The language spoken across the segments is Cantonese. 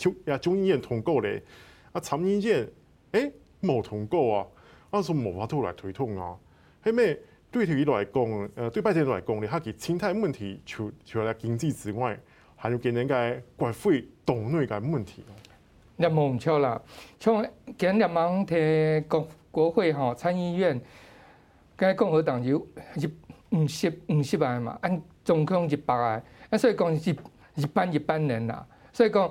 就眾議院通過嘞，啊參議院，誒、欸、冇通過啊，啊，啊所以冇法度來推動啊。係咪、呃，對台灣來講，呃對拜登來講咧，它其心態問題除除了經濟之外，還有今年家國會黨內個問題。你冇唔錯啦，像今日忙睇國國會吼、哦、參議院，介共和黨就一五十五十萬嘛，按總共一百個，啊所以講一一般一般人啦，所以講。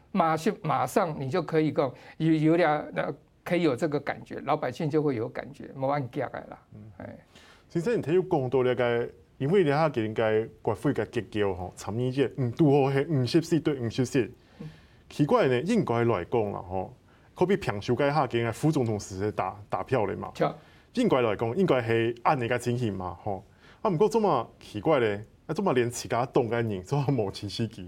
馬上馬上，你就可以講有有倆那可以有這個感覺，老百姓就會有感覺，冇按腳來了。嗯，哎，先生，你睇要講到咧個，因為兩下嘅個國會嘅結構吼，參議院嘅唔拄好係五十四對五十四，奇怪呢，應該來講啦吼，可比平手街下嘅副總統是打打票嚟嘛，應該來講應該係按你嘅情形嘛吼，啊唔過這麼奇怪咧，啊這麼連自家黨嘅人，這麼冇氣勢嘅。